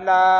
la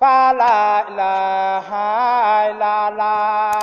fa la ilaha illallah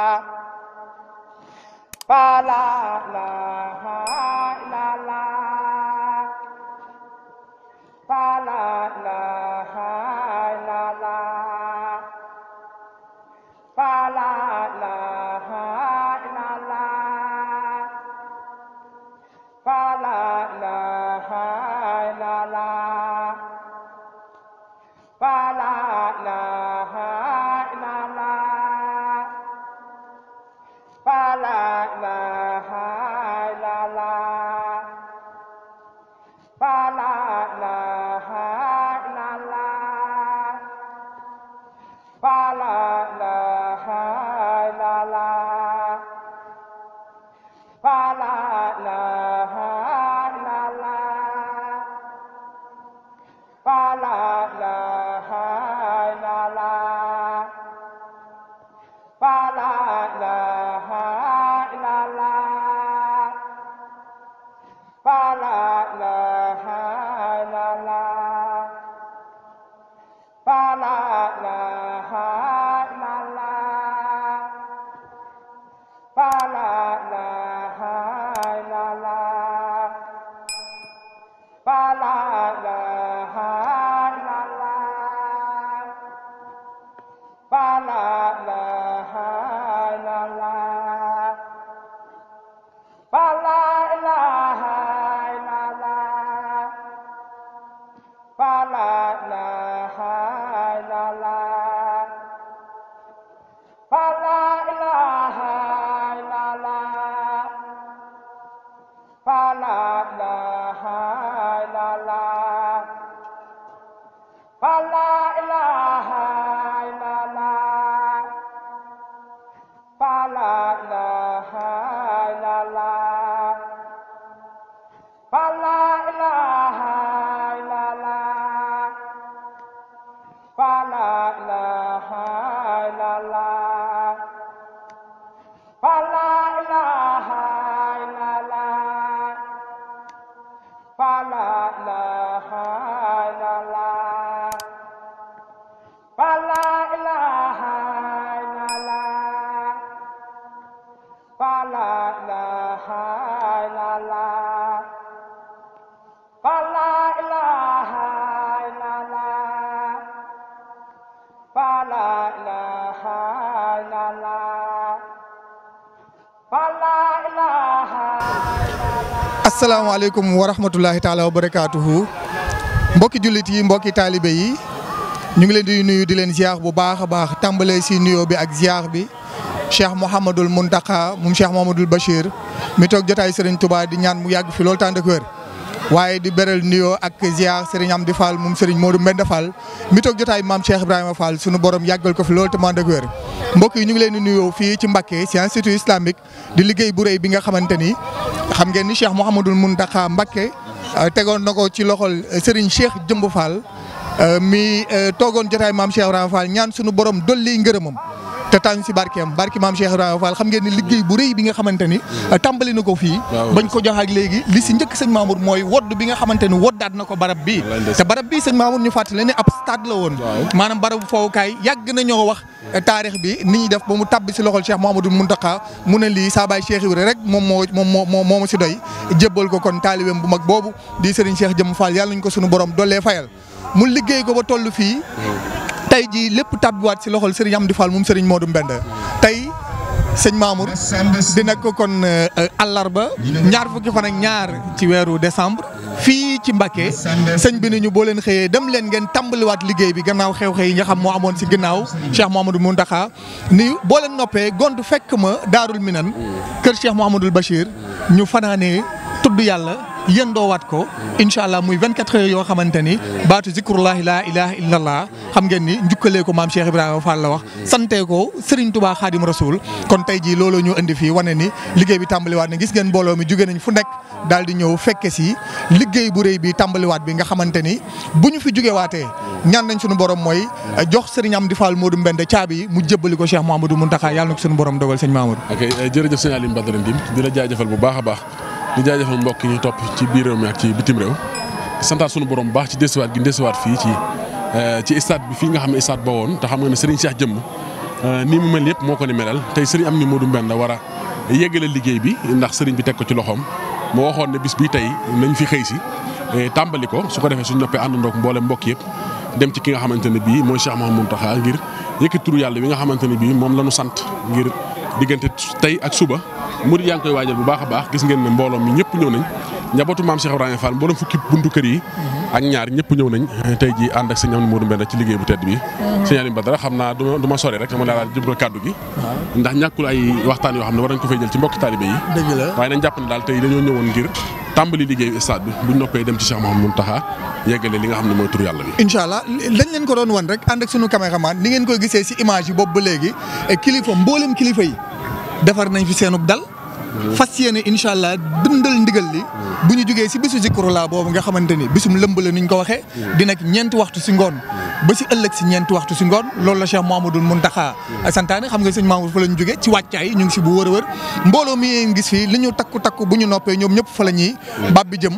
asalaamaaleykum wa rahmatulahi taala wa barakaatuhu mbokki jullit yi mbokki taalibe yi ñu ngi leen di nuyu di leen ziar bu baax a baax tàmbalee si nuyoo bi ak ziar bi cheikh Mouhamadul Muntaka moom cheikh Mouhamadul Bachir mi toog jotaay Serigne tubaa di ñaan mu yàgg fi loolu tànd ak wér waaye di beral nuyoo ak ziar di faal Fall moom moo Modou Mbende Fall mi toog jotaay maam Cheikh Ibrahima Fall sunu borom yàggal ko fi lool te tànd mbokk yi ñu ngi leen di nuyoo fii ci Mbacké ci institut islamique di liggéey bu rëy bi nga xamante ni xam ngeen ni Cheikh mun Mountakha Mbacké euh, tegoon na ko ci loxol euh, Serigne Cheikh Jëmb Fall euh, mi toogoon jotaay maam Cheikh Ibrahima Fall ñaan suñu borom dolli ngërëmam te taañu si barkeem barke maam Cheikh Ibrahima Fall xam ngeen liggéey bu rëy bi nga xamante ni hmm. euh, tàmbali na ko fii bañ ko jox ak léegi li si njëkk sëñ Mamour mooy wodd bi nga xamante ni woddaat na ko barab bi te barab bi sëñ Mamour ñu fàttali ne ab stade la woon maanaam barabu fowukaay yàgg na wax euh, taarix bi ni ñuy def ba mu tàbbi si loxol Cheikh Mouhamadou Mountakha mu ne lii saa baay Cheikh Ibrahima rek moom moo moom moo moo si doy jébbal ko kon taalibeem bu mag boobu di sëriñ Cheikh Jëm Fall yàlla ñu ko suñu borom doole fayal mu liggéey ko ba toll tey jii lépp tàbbiwaat si loxol am Amdi Fall moom Serigne Modou Mbende tey sëñ Mamour dina ko kon euh, àllarba ñaar fukki fan ak ñaar ci weeru décembre fii ci Mbacké sëñ bi nañu boo leen xëyee dem leen ngeen tàmbaliwaat liggéey bi gannaaw xew-xew yi ña xam moo amoon si gannaaw Cheikh Mouhamadou Mountakha ni boo leen noppee gont fekk ma Daarul Minan kër Cheikh Mouhamadoul Bachir ñu fanaanee tudd yàlla yëndoowaat ko incha allah muy 24 heures yoo xamante ni baatu zikrullahi laa ilaha illallah xam ngeen ni njukkalee ko maam Cheikh Ibrahima Fall la wax sante ko Serigne Touba Khadim Rasoul kon tey jii looloo ñu indi fii wane ni liggéey bi tàmbaliwaat na gis ngeen mbooloo mi jóge nañ fu nekk daal di ñëw fekke si liggéey bu rëy bi tàmbaliwaat bi nga xamante bu ñu fi jógewaatee ñaan nañ suñu borom mooy jox Serigne di la jaajëfal bu di jaajëfal mbokk yi ñu topp ci biir réew mi ak ci bitim réew di santaat sunu borom baax ci desuwaat gi desuwaat fii ci euh, ci stade bi fii nga xam ne stade ba woon te xam nga ne Serigne Cheikh jëmm euh, nii mu mel yëpp moo ko ni melal tey Serigne am ni Modou Mbène war a yeggale liggéey bi ndax Serigne bi teg ko ci loxoom moo waxoon ne bis bi tey nañ fi xëy si euh, tàmbali ko su ko defee suñu noppee àndandoo ak mboolem mbokk yëpp dem ci ki nga xamante ne bii mooy Cheikh Mouhamadou Mountakha ngir yëkkati turu yàlla bi nga xamante ne bii moom la ñu sant ngir diggante tey ak suba murid yaa ngi koy waajal bu baax a baax gis ngeen ne mbooloo mi ñëpp ñëw nañ njabootu maam Cheikh Ibrahima Fall mbooloo fukki buntu kër yi ak ñaar ñëpp ñëw nañ tey ji ànd ak sëñ Amdi Modou Mbenda ci liggéey bu tedd bi mm-hmm. sëñ Aliou Badara xam naa du ma sore rek dama laa jëbal kàddu gi ndax ñàkkul ay waxtaan yoo xam ne war nañ ko fay jël ci mbokki taalibe yi waaye nañ jàpp ne daal tey dañoo ñëwoon ngir tàmbali liggéeyu stade bi buñ noppee dem ci Cheikh xam ne mooy tur yàlla bi incha allah dañ leen ko doon wan rek ànd ak sunu caméraman ni ngeen koy gisee si image yi boobu ba léegi eh, kilifa mboolem kilifa yi fas yéene incha allah dëndal ndigal li bu ñu jógee si bésu zikrullah boobu nga xamante ni bésum lëmb la ni ñu ko waxee dina ñeenti waxtu si ngoon ba si ëllëg si ñeenti waxtu si ngoon loolu la Cheikh Mouhamadoul Mountakha santaane xam nga sëñ Mamour fa la ñu jógee ci wàccaay ñu ngi si bu wër a wër mbooloo mi ngeen gis fii li ñu takku takku bu ñu noppee ñoom ñëpp fa la ñuy bàbbi jëm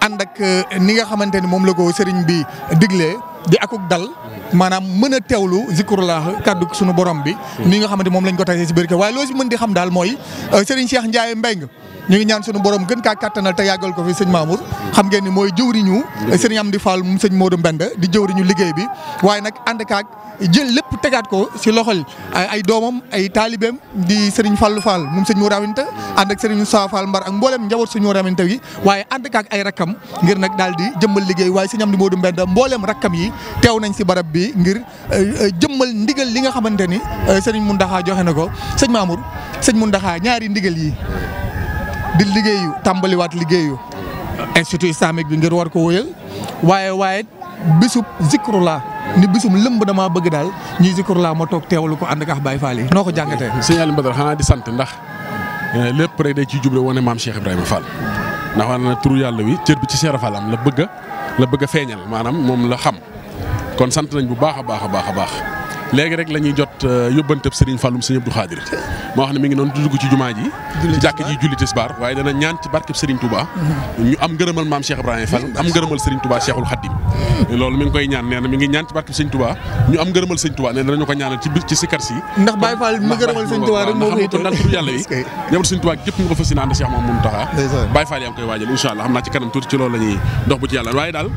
ànd ak ni nga xamante ni moom la ko sëriñ bi diglee di akuk dal maanaam mën a teewlu zikrullah kaddu sunu borom bi. mi nga xamante moom lañ ko tasee si biir kër waaye loo si mën di xam daal mooy euh, Serigne Cheikh Ndiaye Mbengue ñu ngi ñaan sunu boroom gën kaa kattanal te yàggal ko fi sëñ Mamour xam ngeen ni mooy jëwriñu sëñ Amdi Fall mu sëñ moo Modou Mbenda di jëwriñu liggéey bi waaye nag ànd kaak jël lépp tegaat ko si loxol ay doomam ay taalibeem di sëriñ Fallou Fall moom sëñ Mourou Aminta ànd ak sëriñ Moussa Mbar ak mbooleem njaboot sëñ yi waaye ànd kaak ay rakkam ngir nag daal di jëmmal liggéey waaye sëñ moo Modou Mbenda mbooleem rakkam yi teew nañ si barab bi ngir jëmmal ndigal li nga xamante ni mun Moundaxa joxe na ko sëñ Mamour sëñ Moundaxa ñaari ndigal yi di liggéeyu tàmbaliwaat liggéeyu institut islamique bi ngir war ko wóyal waaye waaye bisub zikrullah ni bisum lëmb damaa bëgg daal ñuy laa ma toog teewalu ko ànd ak Baye Fall yi noo ko jàngatee. Eh, sëñ Aliou Badara xanaa di sant ndax eh, lépp rek day ci juble woon maam Cheikh Ibrahima Fall ndax wax na turu yàlla wi cër bi ci Cheikh Fall am la bëgg la bëgg a feeñal maanaam moom la xam kon sant nañ bu baax a baax a baax a baax. léegi rek la ñuy jot euh, yóbbanteb Serigne Falloum Serigne Abdou Khadir moo xam ne mi ngi noonu dugg ci jumaa ji ci jàkk julli tisbaar waaye dana ñaan ci barkeb Serigne Touba mhm. ñu am ngërëmal maam Cheikh Ibrahima Fall am ngërëmal Serigne Touba Cheikhul Khadim loolu mi ngi koy ñaan nee na ngi ñaan ci barkeb Serigne Touba ñu am ngërëmal Serigne Touba nee na dañu ko ñaanal ci biir si ndax Baye Fall yi ñëpp koy waajal insha Allah xam naa ci kanam tuuti ci loolu la ñuy bu ci yàlla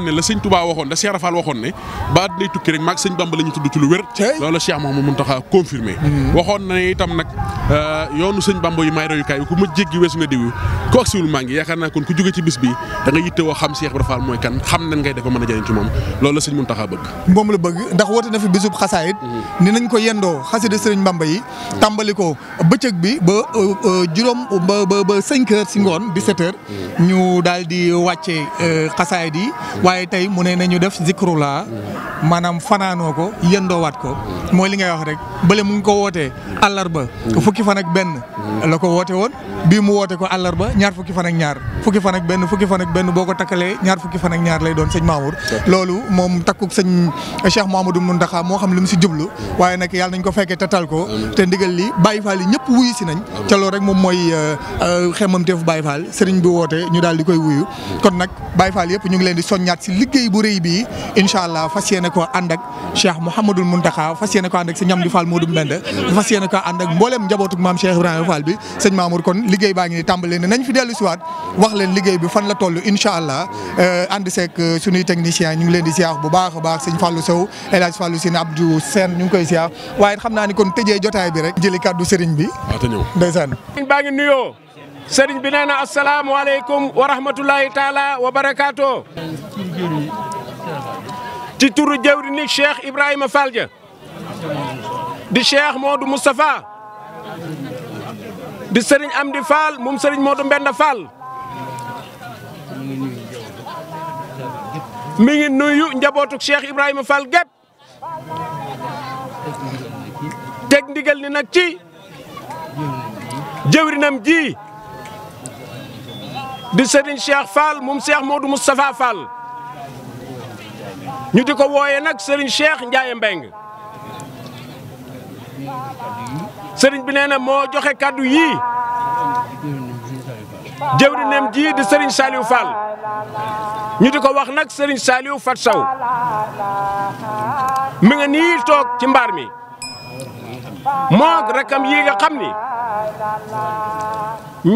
nañ ne la sëñ Touba waxoon da Cheikh Rafal waxoon ne ba àddinay tukki rek maag sëñ Bamba la ñu ci lu wér loolu Cheikh Mouhamadou Mountakha confirmé mm-hmm. waxoon na itam nag euh, yoonu sëñ Bamba yi may royukaay bi ku ma jéggi weesu nga diw ko ak siwul maa bi da nga yitte woo xam Cheikh Rafal mooy kan xam nan ngay def ba mën a jëriñ ci moom loolu la sëñ Mountakha bëgg moom la bëgg ndax woote na fi bisub xasaayit mm-hmm. ni nañ ko yendoo xasida sëriñ Bamba yi mm-hmm. tàmbali ko bëccëg bi ba euh, euh, juróom ba ba cinq heures ngoon 17 heures ñu daal di waaye tey mu ne nañu def zikrullah maanaam fanaanoo ko waat ko mooy li ngay wax rek bële mu ngi ko wootee àllarba fukki fan ak benn la ko woote woon bii mu woote ko àllarba ñaar fukki fan ak ñaar fukki fan benn fukki fan ak benn boo ko takkalee ñaar fukki fan ak ñaar lay doon sëñ Mamour loolu moom takkuk sëñ Cheikh Mouhamadou Mountakha moo xam li mu si jublu waaye nag yàlla nañ ko fekkee te tal ko te ndigal li Baye Fall yi ñëpp wuyu si nañ te loolu rek moom mooy euh, euh, xemamteefu Baye Fall sëriñ bi woote ñu daal di koy wuyu kon nag Baye yëpp ñu ngi leen di soññ soññaat si liggéey bu rëy bii incha allah fas yéene koo ànd ak Cheikh Mouhamadul Mountakha fas yéene koo ànd ak si ñam di Fall Modou Mbende fas yéene koo ànd ak mboolem njabootu maam Cheikh Ibrahima Fall bi sëñ Mamour kon liggéey baa ngi ni tàmbali ne nañ fi dellu siwaat wax leen liggéey bi fan la toll incha allah euh, ànd seeg euh, suñuy technicien ñu ngi leen di siyaar bu baax a baax sëñ Fallou Sow El Hadj Fallou Sine Abdou Sène ñu ngi koy siyaar waaye xam naa ni kon tëjee jotaay bi rek jëli bi ah, ndeysaan baa ngi nuyoo sëriñ bi nee na asalaamaaleykum wa rahmatulahi taala wa barakaatu ci turu jëwriñu Cheikh Ibrahima Fall Dia di Cheikh Modou Moustapha di Serigne Amdi Fall moom Serigne Modou Mbenda Fall mi ngi nuyu njabootu Cheikh Ibrahima Fall gépp teg ndigal ni nag ci jëwriñam ji di sëriñ Cheikh Fall moom Cheikh Modou ñu di ko wooyee nag Serigne Cheikh Ndiaye Mbeng Serigne bi nee na moo joxe kàddu yii jëwriñam ji di sëriñ Saliou Fall ñu di ko wax nag sëriñ Saliou Fat saw mi nga nii toog ci mbaar mi moog rakam yii nga xam ni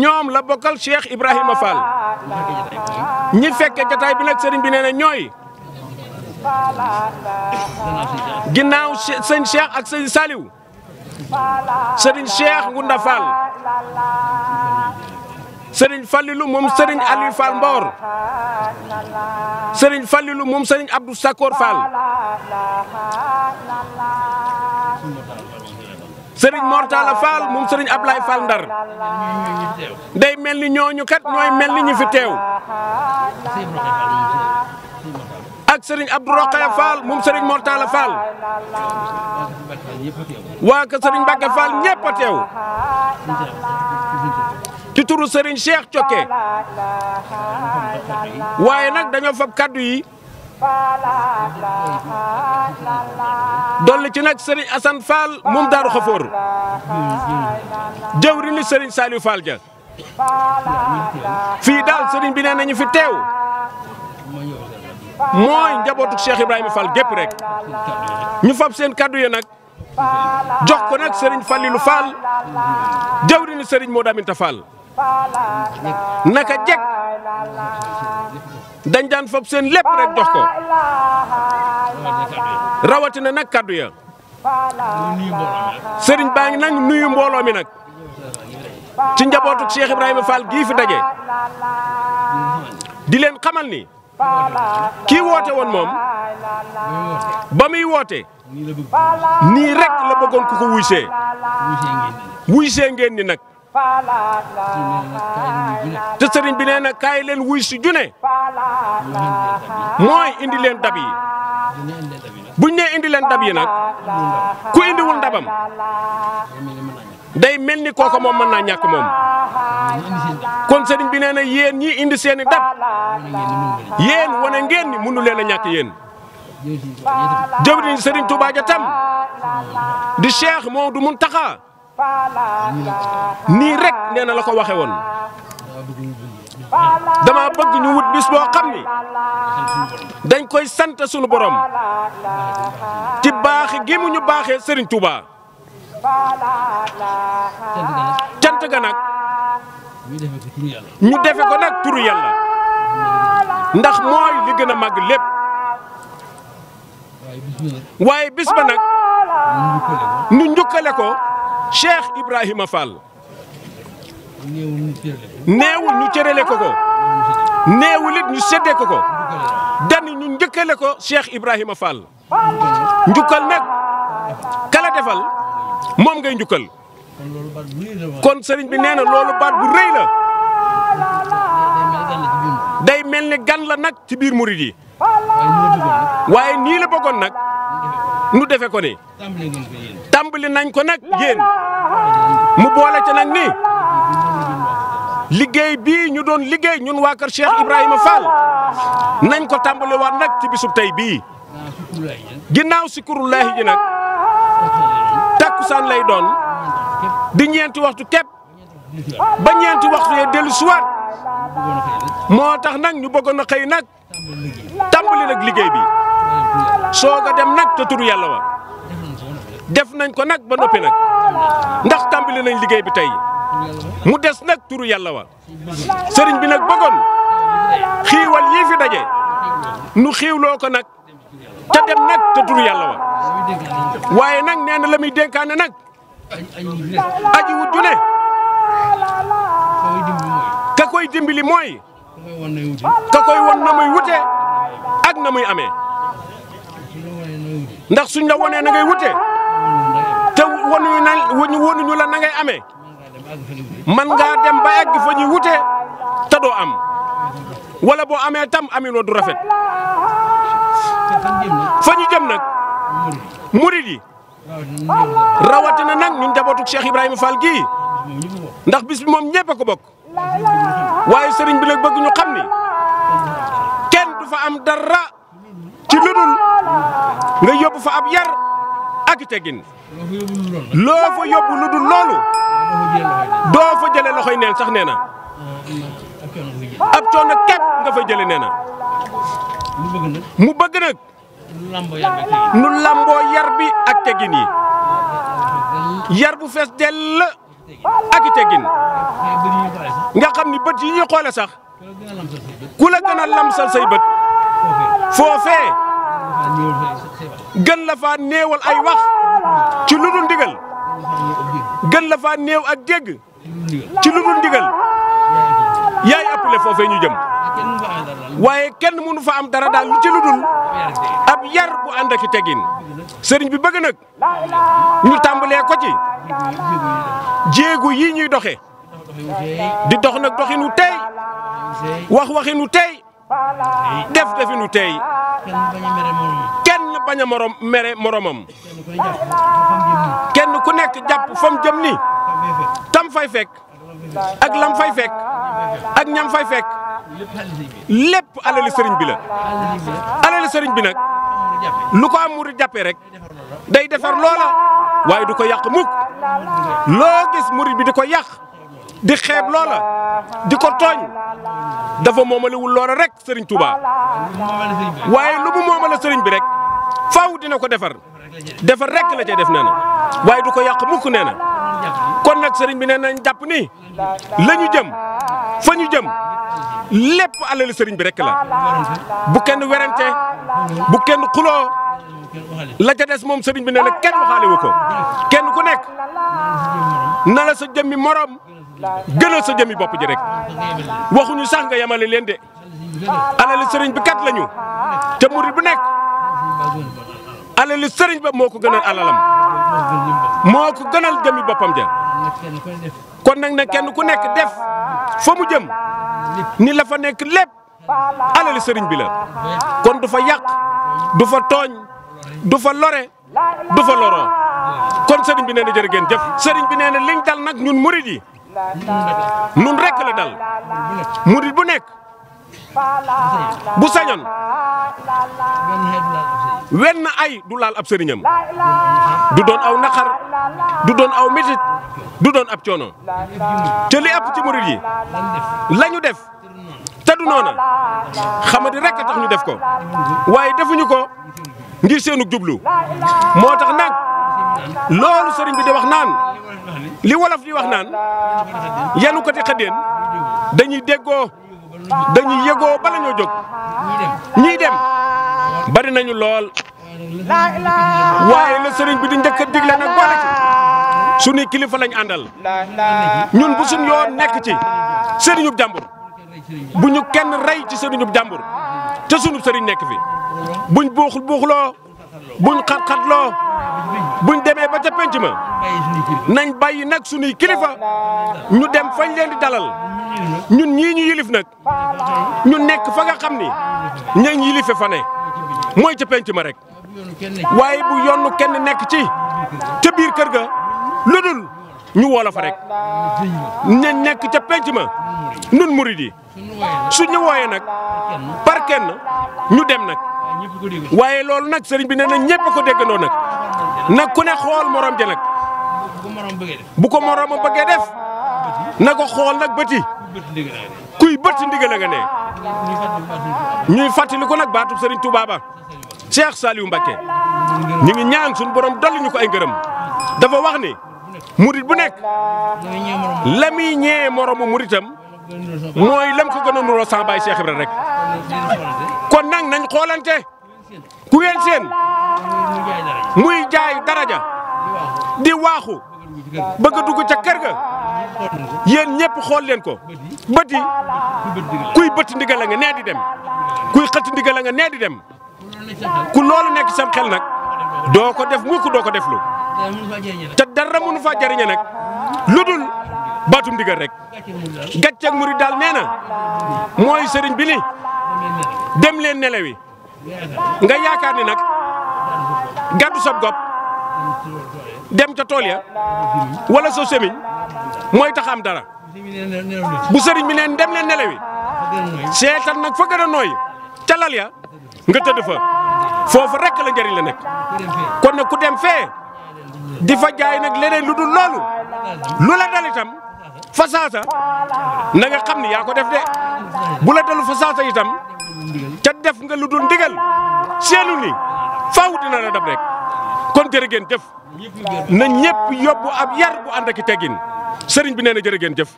ñoom la bokkal Cheikh Ibrahima Fall ñi fekke jataay bi nag sëriñ bi nee ñooy. ginnaaw sëñ Cheikh ak sëñ Saliou sëriñ Cheikh Ngunda Fall sëriñ Fallilou moom sëriñ Aliou Fall Mbor sëriñ Fallilou moom sëriñ Abdou sakoor Fall sëriñ Mortala Fall moom sëriñ ablaay Fall Ndar day mel ni ñooñu kat ñooy mel ni ñu fi teew. ak Serigne Abdou Rokhaya Fall moom Serigne Mortala waa kër Serigne Mbacke Fall ñëpp a teew ci Cokke waaye nag dañoo fab kaddu yi dolli ci nag Serigne Assane Daaru Xafoor jëwri ni Serigne Saliou Fall ja fii daal Serigne bi nee fi teew. mooy njabootu Cheikh Ibrahima Fall gépp rek ñu fab seen kaddu ya nag jox ko nag sëriñ Fallilou Fall jawriñu sëriñ moo Aminta Fall naka jekk dañ daan fab seen lépp rek jox ko rawatina nag kaddu ya Serigne baa ngi nag nuyu mbooloo mi nag ci njabootu Cheikh Ibrahima Fall gii fi daje di leen xamal ni. kii woote woon moom ba muy woote nii rek la bëggoon ku ko wuysee wuysee ngeen ni nag te sëriñ bi nee na kaay leen wuy si june mooy indi leen dab yi buñ nee indi leen dab yi nag ku indiwul ndabam day mel ni kooka moom mën naa ñàkk moom kon sëriñ bi nee na yéen ñi indi seeni i dab yéen wane ngeen ni mënu leen a ñàkk yéen jëwriñ sëriñ Touba ja tam di moo du Maodo taxa nii rek nee na la ko waxe woon dama bëgg ñu wut bis boo xam ni dañ koy sant sunu borom ci baax gi mu ñu baaxee sëriñ Touba cant ga nag ñu defe ko nag turu yàlla ndax mooy li gën a màgg lépp waaye bis ba nag ñu njukkale ko Cheikh Ibrahima Fall neewul ñu cërale ko ko neewul ñu séddee ko ko dani ñu njëkkale ko Cheikh Ibrahima Fall njukkal nag kala defal moom ngay njukkal. kon sëriñ bi nee na loolu baat bu rëy la. day mel ni gan la nag ci biir murid yi. waaye nii la bëggoon nag. nu defe ko ne tàmbali nañ ko nag yéen. mu boole ca nag ni. liggéey bii ñu doon liggéey ñun waa kër Cheikh Ibrahima Fall nañ ko tàmbali waat nag ci bisub tey bii. ginnaaw si kurullaahi ji nag. tàkkusaan lay doon di ñeenti waxtu képp ba ñeenti waxtu yee dellu suwaat moo tax nag ñu bëggoon na xëy nag tàmbali nag liggéey bi soog dem nag te turu yàlla wa def nañ ko nag ba noppi nag ndax tàmbali nañ liggéey bi tey mu des nag turu yàlla wa sëriñ bi nag bëggoon xiiwal yii fi daje nu xiiwloo ko nag. te dem nag te turu yàlla wa waaye nag nee na la muy dénkaane nag aj wut ju ne ka koy dimbali mooy ka koy won na muy wute ak na muy amee ndax suñ la wonee na ngay wute te wonuñu na la na ngay man ngaa dem ba egg fa ñuy wute te doo am wala boo amee tam aminoo du rafet fa ñu jëm nag murid yi rawatina nag ñu njabootu Cheikh Ibrahima Fall gii ndax bis bi moom ñëpp a ko bokk waaye sëriñ bi nag bëgg ñu xam ni kenn du fa am dara ci lu dul nga yóbbu fa ab yar ak teggin loo fa yóbbu lu dul loolu doo fa jëlee loxoy neen sax nee na ab coono képp nga fa jëlee nee na. mu bëgg nag nu lamboo yar bi ak teggin yi yar bu fees dell ak teggin nga xam ni bët yi ñuy xoole sax ku la gën a lamsal say bët foofee gën la faa néewal ay wax ci lu dul ndigal gën la faa néew ak dégg ci lu dul ndigal yaay ëppale foofee ñu jëm waaye kenn mënu fa am dara daal ci lu dul ab yar bu ànd ak tegin sëriñ bi bëgg nag ñu tàmbalee ko ci jéegu yi ñuy doxe di dox nag doxinu tey wax waxinu tey def definu tey kenn bañ a morom mere moromam kenn ku nekk jàpp fam jëm ni tam fay fekk ak lam fay fekk ak ñam fay fekk lépp alali sëriñ bi la alali sëriñ bi nag lu ko am murid jàppee rek day defar loola waaye du ko yàq mukk loo gis murid bi di ko yàq di xeeb loola di ko tooñ dafa moomalewul loola rek sëriñ Touba waaye lu mu moomale sëriñ bi rek faaw dina ko defar defar rekk la ca def nee na waaye du ko yàq mukk nee na kon nag sëriñ bi nee nañ jàpp ni la ñu jëm fa ñu jëm lépp alali sëriñ bi rek la bu kenn werante bu kenn xuloo la ca des moom sëriñ bi nee na kenn waxaale wu ko kenn ku nekk na sa jëmmi morom gënal sa jëmmi bopp ji rek waxuñu sax nga yemale leen de alali sëriñ bi kat lañu te murid bu nekk. alalu sëriñ ba moo ko gënal alalam moo ko gënal jëmi boppam ja kon nag na kenn ku nekk def fa mu jëm ni la fa nekk lépp alalu sëriñ bi la kon du fa yàq du fa tooñ du fa lore du fa loroo kon sëriñ bi nee na jërë ngeen sëriñ bi nee na liñ dal nag ñun murid yi nun rek la dal murid bu nekk bu sañoon wenn ay du laal ab sëriñam du doon aw naqar du doon aw métit du doon ab coono te li ëpp ci murid yi lañu def te du noona xamadi rek tax ñu def ko waaye defuñu ko ngir seenug jublu moo tax nag loolu sëriñ bi di wax naan li wolof di wax naan yanu ko di dañuy déggoo dañuy yëgoo bala ñoo jóg ñii dem bari nañu lool waaye la sëriñ bi di njëkk a digle nag boole ci suñuy kilifa lañ àndal ñun bu suñ yoon nekk ci sëriñub jàmbur bu ñu kenn rey ci sëriñub jàmbur te sunub sëriñ nekk fi buñ buuxul buuxuloo buñ xat-xatloo buñ demee ba ca penc ma nañ bàyyi nag suñuy kilifa ñu dem fañ leen di dalal ñun ñii ñu yilif nag ñu nekk fa nga xam ni ñañ yilife fa ne mooy ca penc ma rek waaye bu yoonu kenn nekk ci ca biir kër ga lu dul ñu woola a rek ñu nekk ca penc ma nun murid yi su ñu wooyee nag par kenn ñu dem nag waaye loolu nag sëriñ bi nee na ñëpp ko déggandoo nag nag ku ne xool morom ja nag bu ko moromam bëggee def na ko xool nag bëti kuy bëtti ndigal nga ne ñuy fàttaliku nag baatub sëriñ Touba ba Cheikh Saliou Mbacké ñu ngi ñaan suñu ko ay ngërëm dafa wax ni murit bu nekk la muy ñee moromu muritam mooy lam ko gën a nuroo sa rek kon nag nañ xoolante ku ngeen seen muy jaay daraja di waaxu bëgg a ca kër ga yéen ñëpp xool leen ko bëti kuy bëtt ndigal la nee di dem kuy xëtt ndigal la nga nee di dem ku loolu nekk sam xel nag doo ko def mukk doo ko def lu te dara mënu faa jariñe nag lu dul baatum ndigal rek gàcceeg murid daal nee na mooy sëriñ bi ni dem leen nelewi nga yaakaar ni nag gàddu sab gopp dem ca tool ya wala sa semiñ mooy taxaam dara bu sëriñ bi neen dem leen nelewi seetal nag fa gën a nooy ca lal ya nga tëdd fa foofu rek la njëriñ la nekk kon nag ku dem fee di fa jaay nag leneen lu dul loolu lu la dal itam fasaasa na nga xam ni yaa ko def de bu la dalu fasaasa itam ca def nga lu dul ndigal seenu ni faaw na la dab rek kon jërë jëf na ñëpp yóbbu ab yar bu ànd ak i teggin sëriñ bi nee na jërë ngeen jëf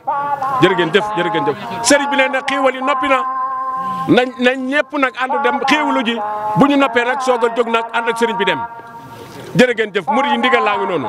jërë ngeen jëf jërë ngeen jëf sëriñ bi nee na xiiwal yi noppi na na nañ ñëpp nag ànd dem xiiwalu ji bu ñu noppee rek soog a jóg nag ànd sëriñ bi dem jërë ngeen jëf murid yi ndigal laa noonu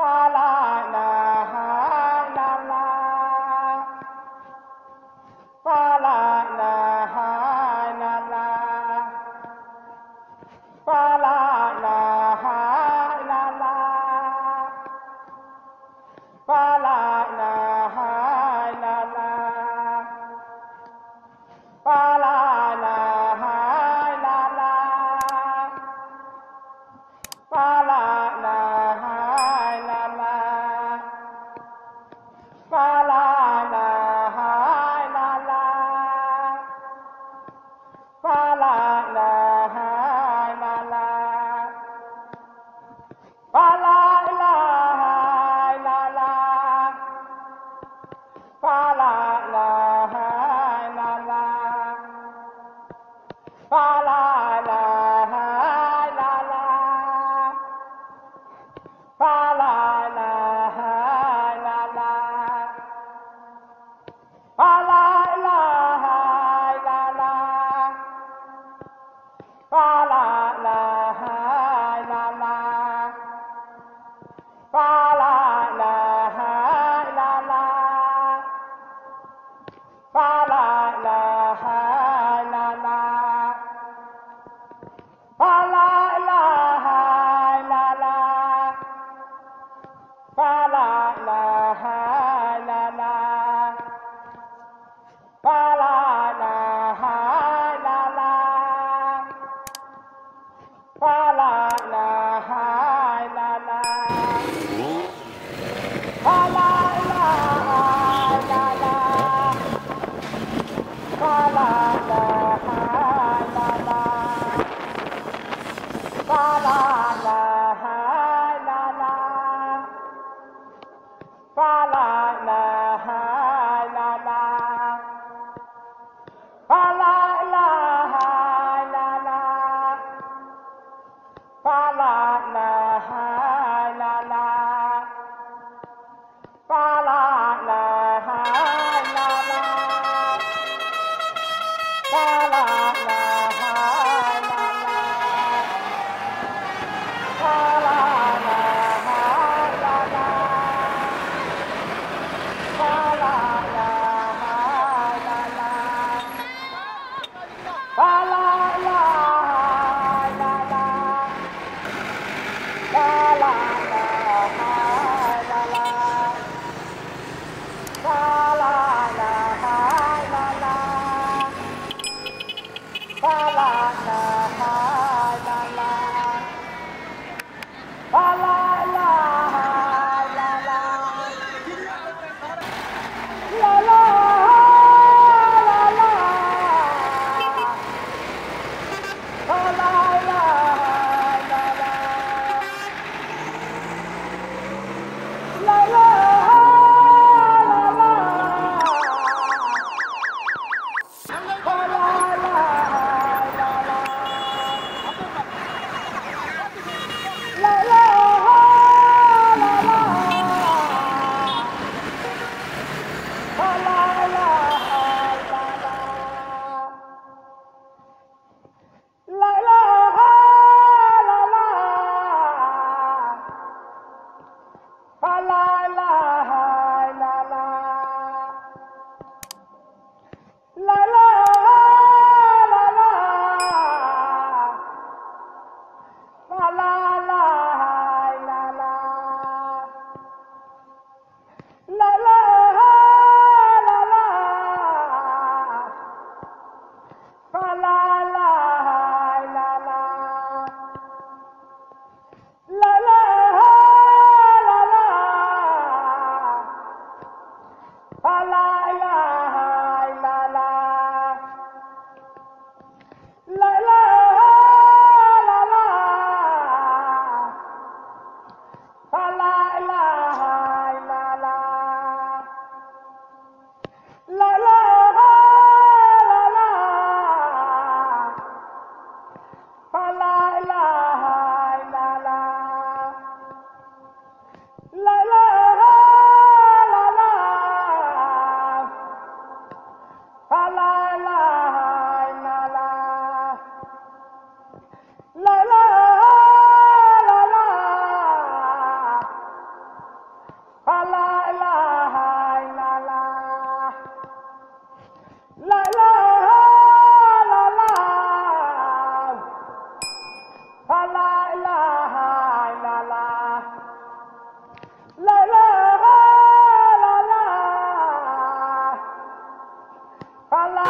巴拉。Allah